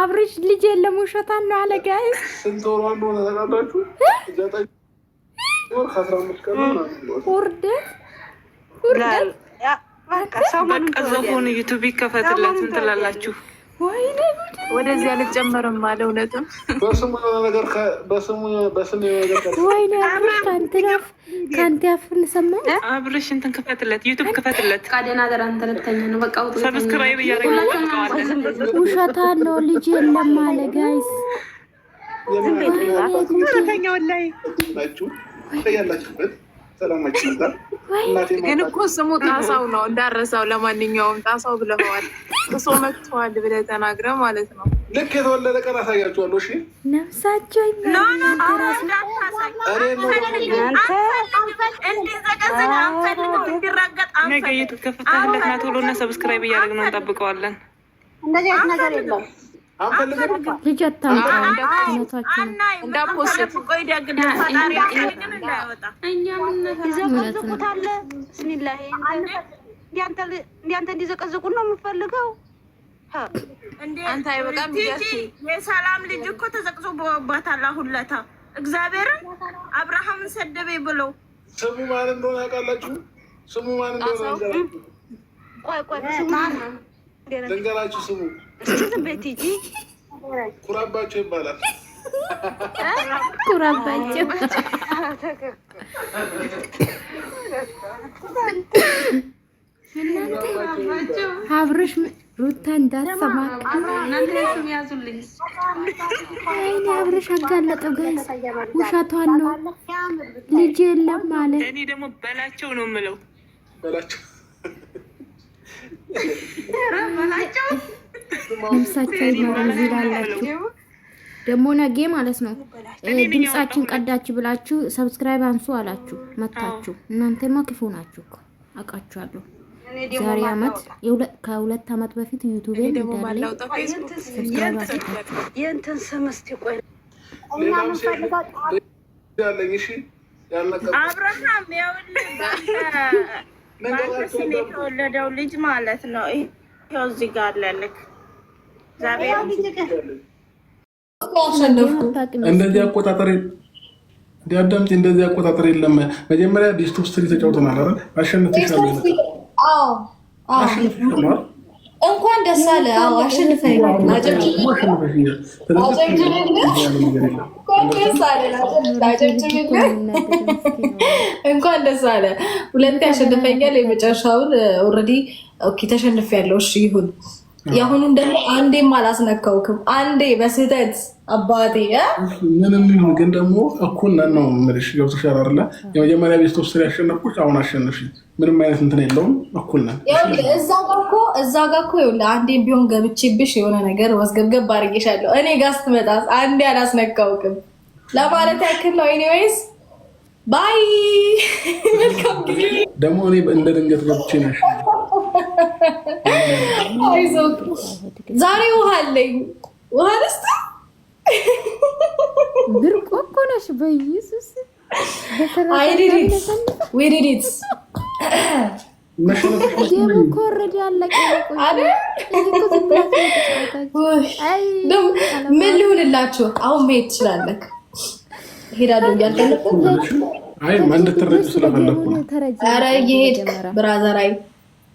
አብርሽ ልጅ የለም ውሸታን ነው አለ ጋይ ስንት ወሯ እንደሆነ ተናዳችሁ ውርደት ውርደት ሰው መቀዘፉን ዩቱብ ይከፈትለት ምን ትላላችሁ? ወደዚህ አልጨመርም አለ። እውነትም በስሙ ነገር በስሙ ነገር ወይ ከአንትናፍ ከአንቲ አፍን ሰማ አብርሽ እንትን ክፈትለት፣ ዩቱብ ክፈትለት። ካደናገር አንተ ልተኛ ነው በቃ ሰብስክራይብ እያደረገ ውሸታ ነው ልጅ የለም አለ። ጋይስ ተኛ ወላሂ ያላችሁበት ሰላማችን ግን እኮ ስሙ ጣሳው ነው እንዳረሳው። ለማንኛውም ጣሳው ብለኸዋል፣ ጥሶ መጥተዋል ብለ ተናግረ ማለት ነው። ልክ የተወለደ ቀን አሳያችኋለሁ። እሺ ነፍሳቸው ና ቶሎ እና ሰብስክራይብ እያደረግን እንጠብቀዋለን። እንደዚህ አይነት ነገር የለም። እንዲያንተ እንዲዘቀዘቁ ነው የምፈልገው። የሰላም ልጅ እኮ ተዘቅዝቆባታል። ሁለታ እግዚአብሔርን አብርሃምን ሰደበ ብለው ስሙ ማን እንደሆነ ያውቃላችሁ? ስሙ ማን እንደሆነ ልንገራችሁ ስሙ ኩራባቸው ይባላል። ኩራባቸው አብረሽ ሩታ እንዳሰማ አይኔ አብረሽ አጋለጠው። ጋይስ ውሸቷን ነው፣ ልጅ የለም ማለት እኔ ደግሞ በላቸው ነው የምለው በላቸው ነፍሳቸው ይማረን። እዚህ ደግሞ ነገ ማለት ነው ድምጻችን ቀዳችሁ ብላችሁ ሰብስክራይብ አንሱ አላችሁ መታችሁ። እናንተማ ክፉ ናችሁ እኮ አውቃችኋለሁ። ዛሬ አመት ከሁለት አመት በፊት ዩቱቤ እንዳለ ሰብስክራይብ አብርሃም ያውልህ የተወለደው ልጅ ማለት ነው። ይኸው እዚህ ጋር አለልክ እንደዚህ አቆጣጠር እንዲያዳምጪ እንደዚህ አቆጣጠር የለም። መጀመሪያ ዲስቶ ስትሪ ተጫውተናል እንኳን ደስ አለ። እንኳን ደስ አለ። ሁለቴ አሸንፈኛል። የመጨረሻውን ኦልሬዲ ኦኬ፣ ያለው እሺ ይሁን የአሁኑን ደግሞ አንዴም አላስነካውክም። አንዴ በስህተት አባቴ ምንም ይሁን ግን ደግሞ እኩል ነው የምልሽ። ገብቶሻል አይደለ? የመጀመሪያ ቤት ተወስደ ያሸነፍኩሽ፣ አሁን አሸነፍሽ። ምንም አይነት እንትን የለውም። እኩል ነን። እዛ ጋር እኮ እዛ ጋር እኮ ይኸውልህ፣ አንዴም ቢሆን ገብቼብሽ የሆነ ነገር ወስገብገብ አድርጌሻለሁ። እኔ ጋ ስትመጣ አንዴ አላስነካውክም ለማለት ያክል ነው። ኤኒዌይስ ባይ፣ መልካም ጊዜ። ደግሞ እኔ እንደ ድንገት ገብቼ ነሽ ዛሬ ውሃ አለኝ። ውሃ ደስታ ብርቅ እኮ ነሽ። በኢየሱስ ምን ልሁንላችሁ? አሁን መሄድ ትችላለህ። ሄዳለሁ እያልከለበት ኧረ እየሄድክ ብራዘር አይ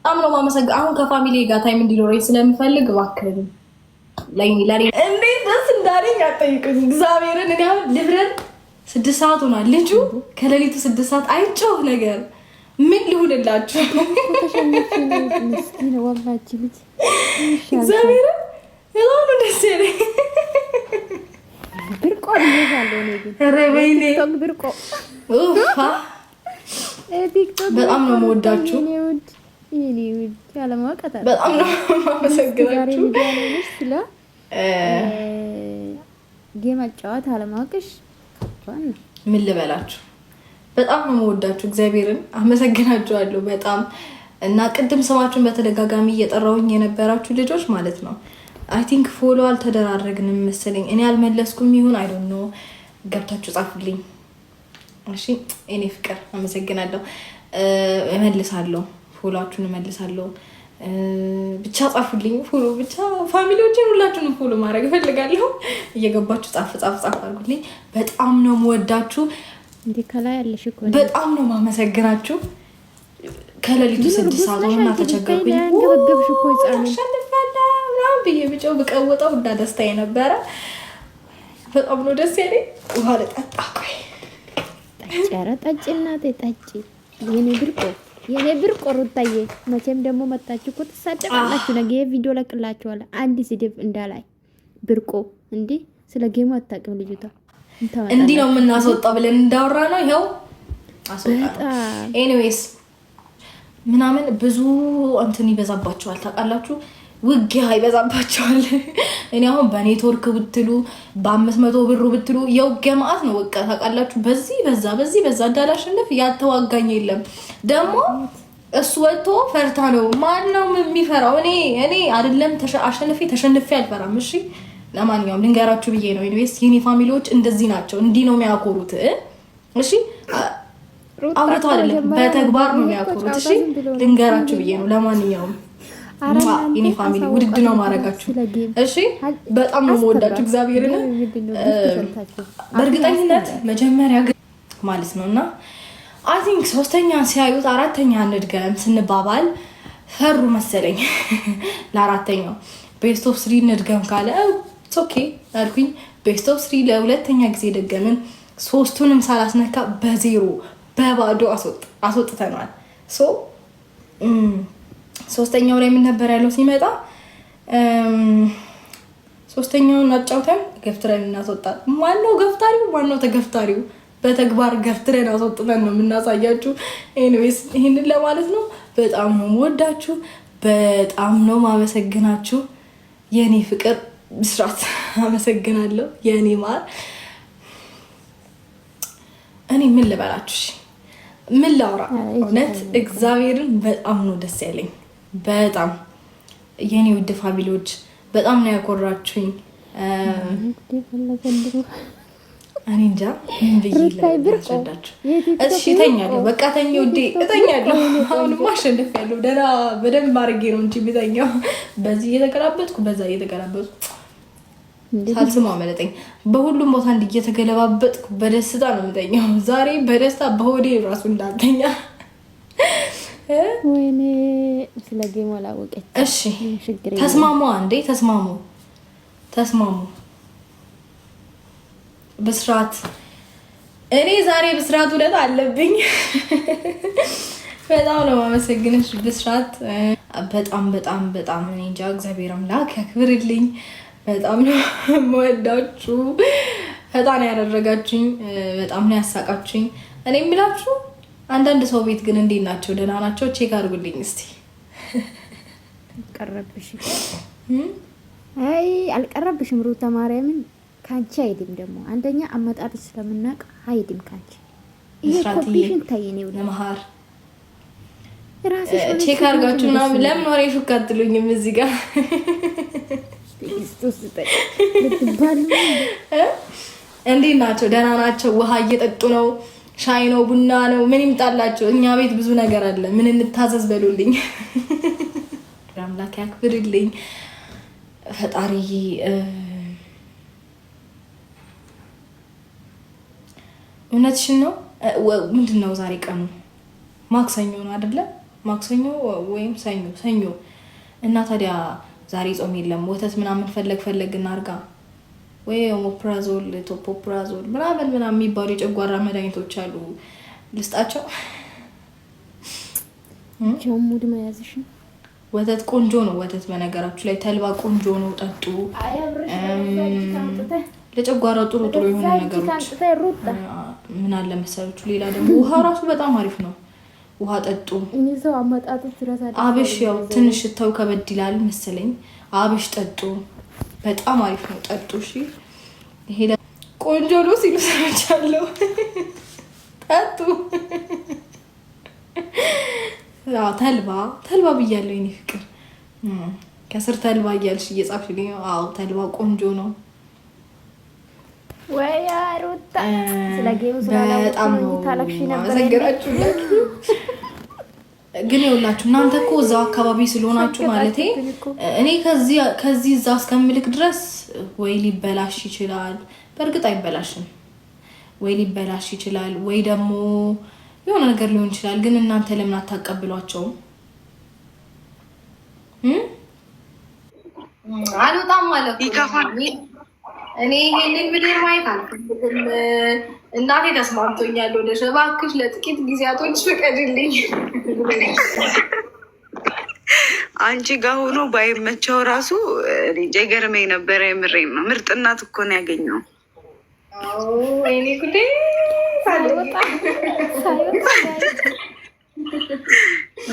በጣም ነው ማመሰግ አሁን ከፋሚሊ ጋር ታይም እንዲኖረኝ ስለምፈልግ እባክህን ለእኔ እንዴት ደስ እንዳለኝ አጠይቅኝ። እግዚአብሔርን እኔ አሁን ልብረን ስድስት ሰዓት ሆኗል። ልጁ ከሌሊቱ ስድስት ሰዓት አይጮህ ነገር ምን ልሁንላችሁ? እግዚአብሔርን በጣም ነው ደስ ያለኝ። በጣም ነው መወዳችሁ ይህኔ ውድ አለማወቀት በጣም ነው ስለ ጌም አለማወቅሽ ምን ልበላችሁ። በጣም ነው እግዚአብሔርን አመሰግናችኋለሁ በጣም እና ቅድም ስማችሁን በተደጋጋሚ እየጠራውኝ የነበራችሁ ልጆች ማለት ነው አይ ቲንክ ፎሎ አልተደራረግንም መሰለኝ። እኔ አልመለስኩም ይሁን አይ ዶንት ኖ። ገብታችሁ ጻፉልኝ እሺ። እኔ ፍቅር አመሰግናለሁ፣ እመልሳለሁ። ፎሎአችሁን እመልሳለሁ። ብቻ ጻፉልኝ። ፎሎ ብቻ ፋሚሊዎችን ሁላችሁን ፎሎ ማድረግ እፈልጋለሁ። እየገባችሁ ጻፍ ጻፍ ጻፍ አድርጉልኝ። በጣም ነው የምወዳችሁ። በጣም ነው ማመሰግናችሁ። ከሌሊቱ ስድስት ሰዓት ሆና ተቸገርኩኝ ብዬ ብጨው ብቀውጠው እና ደስታ የነበረ በጣም ነው ደስ ያለኝ። ውሃ ልጠጣ ቆይ ጠጭ፣ ኧረ ጠጭ እናቴ ጠጭ ይህኔ ብርቆ የኔ ብር ቆሩታዬ መቼም ደግሞ መታችሁ እኮ ትሳደባላችሁ። ነገ ቪዲዮ ለቅላችኋለሁ። አንድ ስድብ እንዳላይ ብርቆ እንዲ ስለ ጌሙ አታውቅም ልጅቷ። እንዲህ ነው የምናስወጣው ብለን እንዳወራ ነው ይኸው አስወጣ። ኤኒዌይስ ምናምን ብዙ እንትን ይበዛባቸዋል ታውቃላችሁ። ውጊያ ይበዛባቸዋል። እኔ አሁን በኔትወርክ ብትሉ በአምስት መቶ ብሩ ብትሉ የውጊያ ማዕት ነው። በቃ ታውቃላችሁ፣ በዚህ በዛ በዚህ በዛ እንዳላሸንፍ ያተዋጋኝ የለም። ደግሞ እሱ ወጥቶ ፈርታ ነው። ማን ነው የሚፈራው? እኔ እኔ አይደለም አሸንፌ ተሸንፌ አልፈራም። እሺ ለማንኛውም ልንገራችሁ ብዬ ነው። ኢንዌስት የኔ ፋሚሊዎች እንደዚህ ናቸው። እንዲህ ነው የሚያኮሩት። እሺ አውርቶ አይደለም በተግባር ነው የሚያኮሩት። እሺ ልንገራችሁ ብዬ ነው። ለማንኛውም ይኔ ፋሚሊ ውድድ ነው ማድረጋችሁ። እሺ በጣም ነው መወዳችሁ እግዚአብሔርን በእርግጠኝነት መጀመሪያ ማለት ነው እና አይ ቲንክ ሶስተኛ ሲያዩት አራተኛ እንድገም ስንባባል ፈሩ መሰለኝ። ለአራተኛው ቤስት ኦፍ ስሪ እንድገም ካለ ኦኬ አልኩኝ። ቤስት ኦፍ ስሪ ለሁለተኛ ጊዜ ደገምን። ሶስቱንም ሳላስነካ በዜሮ በባዶ አስወጥተናል። ሶስተኛው ላይ ምን ነበር ያለው ሲመጣ ሶስተኛውን አጫውተን ገፍትረን እናስወጣል። ማነው ገፍታሪው? ማነው ተገፍታሪው? በተግባር ገፍትረን አስወጥተን ነው የምናሳያችሁ። ኤኒዌይስ ይህንን ለማለት ነው። በጣም ነው የምወዳችሁ፣ በጣም ነው ማመሰግናችሁ። የእኔ ፍቅር ብስራት አመሰግናለሁ። የእኔ ማር እኔ ምን ልበላችሁ? ምን ላውራ? እውነት እግዚአብሔርን በጣም ነው ደስ ያለኝ። በጣም የኔ ውድ ፋሚሊዎች በጣም ነው ያኮራችሁኝ። እኔ እንጃ ብዬላዳችሁ። እሺ እተኛለሁ፣ በቃ ተኝ ውዴ፣ እተኛለሁ። አሁንማ አሸንፊያለሁ። ደህና በደንብ አድርጌ ነው እንጂ የሚተኛው በዚህ እየተገላበጥኩ በዛ እየተገላበጥኩ ሳልስማ መለጠኝ። በሁሉም ቦታ እንዲህ እየተገለባበጥኩ በደስታ ነው የምተኛው። ዛሬ በደስታ በሆዴ ራሱ እንዳልተኛ ወይኔ ስለ ጌሞ አላወቀች። እሺ ተስማሙ፣ አንዴ ተስማሙ፣ ተስማሙ ብስራት። እኔ ዛሬ ብስራት ውለት አለብኝ። በጣም ነው የማመሰግንሽ ብስራት። በጣም በጣም በጣም እኔ እንጃ እግዚአብሔር አምላክ ያክብርልኝ። በጣም ነው የምወዳችሁ። ፈጣን ያደረጋችሁኝ፣ በጣም ነው ያሳቃችሁኝ። እኔም ብላችሁ አንዳንድ ሰው ቤት ግን እንዴት ናቸው? ደህና ናቸው? ቼክ አድርጉልኝ እስቲ። አልቀረብሽም? አይ አልቀረብሽም ሩታ ማርያምን። ካንቺ አይድም ደግሞ አንደኛ አመጣጥ ስለምናቅ አይድም ካንቺ። ይሄ ኮፒሽን ታየኔ ቼክ አድርጋችሁ ምናምን ለምን ወሬ ሹክ አትሉኝም? እዚህ ጋር እንዴት ናቸው? ደህና ናቸው? ውሃ እየጠጡ ነው ሻይ ነው ቡና ነው ምን ይምጣላቸው። እኛ ቤት ብዙ ነገር አለ። ምን እንታዘዝ በሉልኝ። አምላክ ያክብርልኝ ፈጣሪ። እውነትሽን ነው። ምንድን ነው ዛሬ ቀኑ? ማክሰኞ ነው አደለ? ማክሰኞ ወይም ሰኞ ሰኞ እና ታዲያ ዛሬ ጾም የለም። ወተት ምናምን ፈለግ ፈለግ እናርጋ ወይ ኦሞፕራዞል፣ ቶፖፕራዞል ምናምን ምናምን የሚባሉ የጨጓራ መድኃኒቶች አሉ። ልስጣቸው ሙድ መያዝሽ ወተት ቆንጆ ነው። ወተት በነገራችሁ ላይ ተልባ ቆንጆ ነው። ጠጡ። ለጨጓራው ጥሩ ጥሩ የሆኑ ነገሮች ምን አለ መሰላችሁ። ሌላ ደግሞ ውሃ ራሱ በጣም አሪፍ ነው። ውሃ ጠጡ። አብሽ ያው ትንሽ ሽታው ከበድ ይላል መሰለኝ። አብሽ ጠጡ። በጣም አሪፍ ነው። ጠጡ። እሺ ይሄ ቆንጆ ነው ሲሉ ሰምቻለሁ። ጠጡ። ተልባ ተልባ ብያለሁ። ይኔ ፍቅር ከስር ተልባ እያልሽ እየጻፍሽ። አዎ ተልባ ቆንጆ ነው። በጣም ነው አዘገራችሁላችሁ። ግን ይኸውላችሁ እናንተ እኮ እዛው አካባቢ ስለሆናችሁ ማለት እኔ ከዚህ እዛ እስከምልክ ድረስ ወይ ሊበላሽ ይችላል። በእርግጥ አይበላሽም። ወይ ሊበላሽ ይችላል፣ ወይ ደግሞ የሆነ ነገር ሊሆን ይችላል። ግን እናንተ ለምን አታቀብሏቸውም? አልወጣም ማለት እኔ ይሄንን ማየት አልፈልግም። እናቴ ተስማምቶኛል። ወደ እባክሽ ለጥቂት ጊዜያቶች ፍቀድልኝ። አንቺ ጋር ሆኖ ባይመቸው ራሱ ገርመኝ ነበረ። የምሬን ነው። ምርጥ እናት እኮ ነው ያገኘው።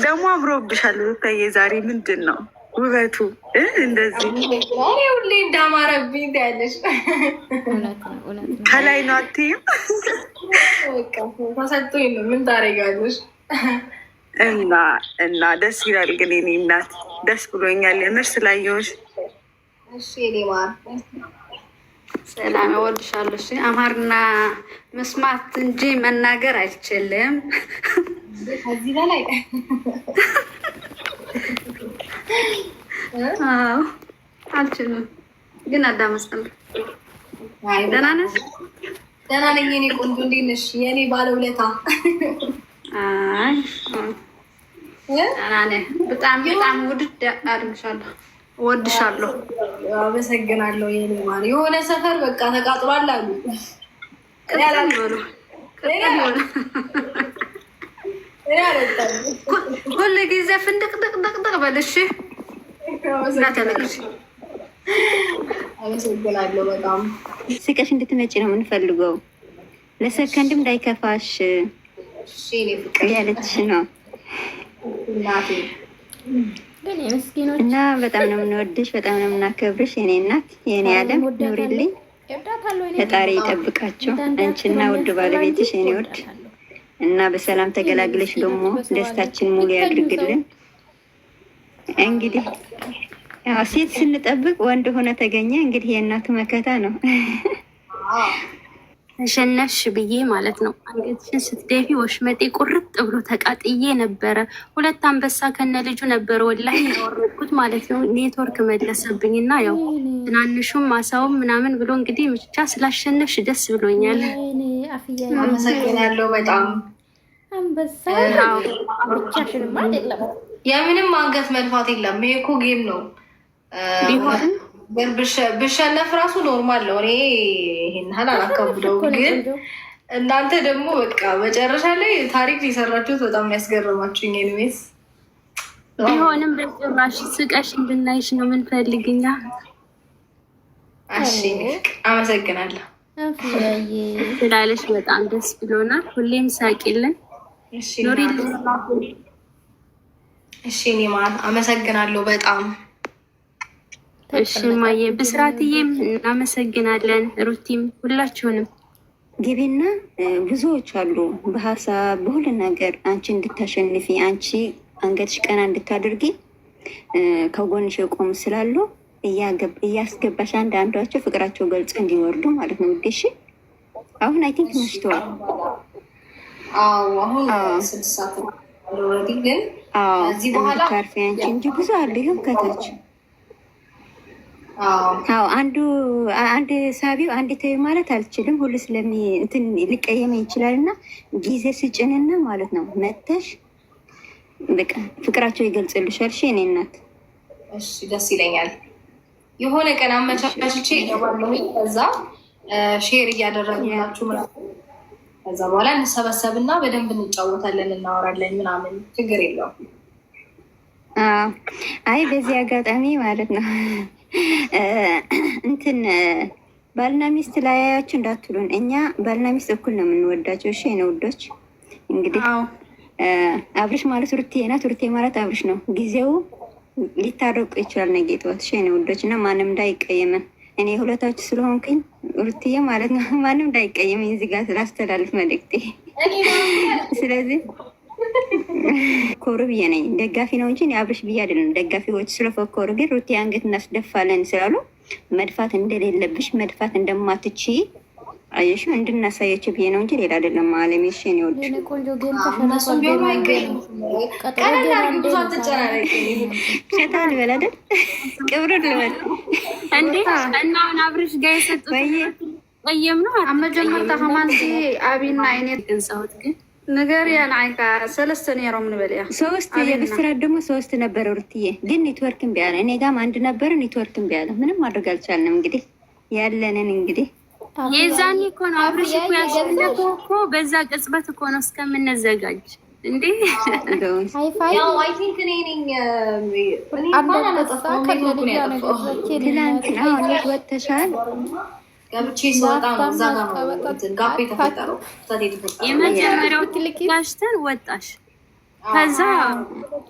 ደግሞ አምሮብሻል። ታዬ ዛሬ ምንድን ነው ውበቱ እንደዚህ ሁሌ እንዳማረብኝ ያለች ከላይ ነው። አትይም ተሰጥቶኝ ነው። ምን ታደርጊያለሽ? እና እና ደስ ይላል። ግን የእኔ እናት ደስ ብሎኛል የምር ስላየሁሽ። ሰላም እወድሻለሁ። አማርኛ መስማት እንጂ መናገር አይችልም ከዚህ በላይ አልችልም፣ ግን አዳመስጠም። ደህና ነሽ? ደህና ነኝ የኔ ቆንጆ፣ እንዴት ነሽ የኔ ባለውለታ? በጣም በጣም ውድድ አድርግሻለሁ፣ እወድሻለሁ። አመሰግናለሁ የኔ ማር። የሆነ ሰፈር በቃ ተቃጥሏል አሉ ሁሉ ጊዜ ፍንድቅ ድቅ ድቅ ስቀሽ እንድትመጪ ነው የምንፈልገው። ለሰከንድም እንዳይከፋሽ ያለች ነው እና በጣም ነው የምንወድሽ፣ በጣም ነው የምናከብርሽ። የኔ እናት የኔ ዓለም ኑሪልኝ፣ ፈጣሪ ይጠብቃቸው አንቺና ውድ ባለቤትሽ የኔ ውድ እና በሰላም ተገላግለሽ ደግሞ ደስታችን ሙሉ ያድርግልን። እንግዲህ ያው ሴት ስንጠብቅ ወንድ ሆነ ተገኘ። እንግዲህ የእናቱ መከታ ነው። ተሸነፍሽ ብዬ ማለት ነው። አንገትሽን ስትደፊ ወሽመጤ ቁርጥ ብሎ ተቃጥዬ ነበረ። ሁለት አንበሳ ከነ ልጁ ነበረ ወላሂ ያወረድኩት ማለት ነው። ኔትወርክ መለሰብኝ እና ያው ትናንሹም ማሳውም ምናምን ብሎ እንግዲህ ብቻ ስላሸነሽ ደስ ብሎኛል። አፍያ አመሰግናለሁ በጣም አንበሳ አይደለም። የምንም አንገት መልፋት የለም። ይሄ እኮ ጌም ነው። ብሸነፍ ራሱ ኖርማል ነው። እኔ ይሄን አላከብደው። ግን እናንተ ደግሞ በቃ መጨረሻ ላይ ታሪክ የሰራችሁት በጣም ያስገረማችሁኝ። ኒዌስ ቢሆንም በጭራሽ ስቀሽ እንድናይሽ ነው ምንፈልግኛ። እሺ አመሰግናለሁ። ስላለሽ በጣም ደስ ብሎናል። ሁሌም ሳቂልን፣ ኑሪልን። እሺ ኒማር አመሰግናለሁ በጣም እሺ ማየ ብስራትዬም እናመሰግናለን። ሩቲም ሁላችሁንም ግቢና ብዙዎች አሉ በሀሳብ በሁሉ ነገር አንቺ እንድታሸንፊ አንቺ አንገትሽ ቀና እንድታደርጊ ከጎንሽ የቆሙ ስላሉ እያስገባሽ አንድ ፍቅራቸው ገልጾ እንዲወርዱ ማለት ነው። ውዴሽ አሁን አይ ቲንክ መሽተዋል። ታርፊ እንጂ ብዙ አሉ። ይህም ከታች አዎ፣ አንዱ አንድ ሳቢው አንድ ተይው ማለት አልችልም። ሁሉ ስለሚ እንትን ሊቀየመኝ ይችላል እና ጊዜ ስጭንና ማለት ነው መተሽ በቃ ፍቅራቸው ይገልጽልሻል። እሺ እኔ እናት፣ እሺ ደስ ይለኛል። የሆነ ቀን አመቻችቼ እገባለሁ። ከዛ ሼር እያደረግናችሁ ምናምን ከዛ በኋላ እንሰበሰብና በደንብ እንጫወታለን፣ እናወራለን ምናምን ችግር የለው አይ በዚህ አጋጣሚ ማለት ነው እንትን ባልና ሚስት ላያያችሁ እንዳትሉን፣ እኛ ባልና ሚስት እኩል ነው የምንወዳቸው። እሺ የእኔ ውዶች፣ እንግዲህ አብርሽ ማለት ሩቴ ናት፣ ሩቴ ማለት አብርሽ ነው ጊዜው ሊታረቁ ይችላል። ነገ ጠዋት እሺ ውዶች እና ማንም እንዳይቀየመን እኔ ሁለታችሁ ስለሆንኩኝ ሩትዬ ማለት ነው ማንም እንዳይቀየመኝ እዚህ ጋር ስላስተላልፍ መልእክቴ። ስለዚህ ኮሩ ብዬ ነኝ ደጋፊ ነው እንጂ አብርሽ ብዬ አይደለም። ደጋፊዎች ስለፈኮሩ ግን ሩትዬ አንገት እናስደፋለን ስላሉ መድፋት እንደሌለብሽ መድፋት እንደማትችይ አየሽ እንድናሳያቸው ብዬ ነው እንጂ ሌላ አይደለም። አለም ሽን ይወድ ሸታል በል አይደል ቅብር ልበል እንዴ እና አሁን ጋር የሰጡት ቀየም ነው አቢና ግን ነገር ሰለስተ ሶስት የብስራት ደግሞ ሶስት ነበረ። ርትዬ ግን ኔትወርክ እምቢ አለ። እኔ ጋም አንድ ነበረ ኔትወርክ እምቢ አለ። ምንም ማድረግ አልቻልንም። እንግዲህ ያለንን እንግዲህ የዛኔ እኮ ነው አብረሽ እኮ ያሸነፈው እኮ በዛ ቅጽበት እኮ ነው እስከምንዘጋጅ እንዴ ወተሻል የመጀመሪያው ትልቂሽተን ወጣሽ። ከዛ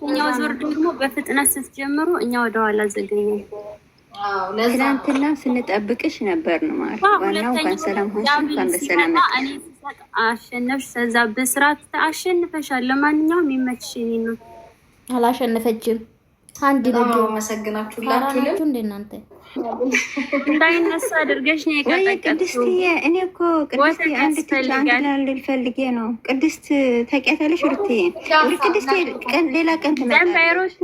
እኛው ዞር ደግሞ በፍጥነት ስትጀምሩ እኛ ወደኋላ ዘገኘን። ትናንትና ስንጠብቅሽ ነበር ነው ማለት ዋናው እንኳን ሰላም ሆንሽ እንኳን በሰላም አሸነፍሽ። ከዛ በስርዓት አሸንፈሻል። ለማንኛውም ይመችሽ። ነው አላሸነፈችም። አንድ ነው መሰግናችሁላችሁ። እንደናንተ እንዳይነሳ አድርገሽ ነው የቀጠቀጥኩት። ቅድስትዬ እኔ እኮ ቅድስትዬ አንድ ትች አንድ ልፈልጌ ነው ቅድስት ተቂያታለሽ። ሩትዬ ቅድስት ሌላ ቀን ትመጣለች።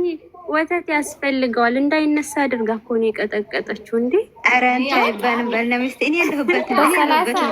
ወተት ያስፈልገዋል እንዳይነሳ አድርጋ እኮ ነው የቀጠቀጠችው። እንዴ ኧረ አይባልም። ባልና ሚስት እኔ ያለሁበት በሰላሳ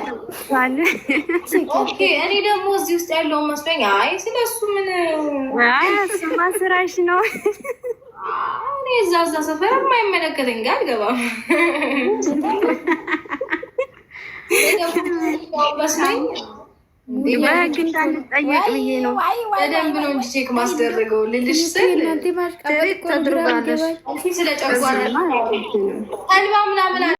እኔ ደግሞ እዚህ ውስጥ ያለውን መስሎኝ፣ አይ ስለሱ ምን ስማ ስራሽ ነው። እኔ እዛ እዛ ሰፈር የማይመለከተኝ ጋር አልገባም። በህግ እንዳንጠየቅ ብዬ ነው። በደንብ ነው እንጂ ቼክ ማስደረገው ልልሽ ስል ተድርጓለሽ ስለ ተልባ ምናምን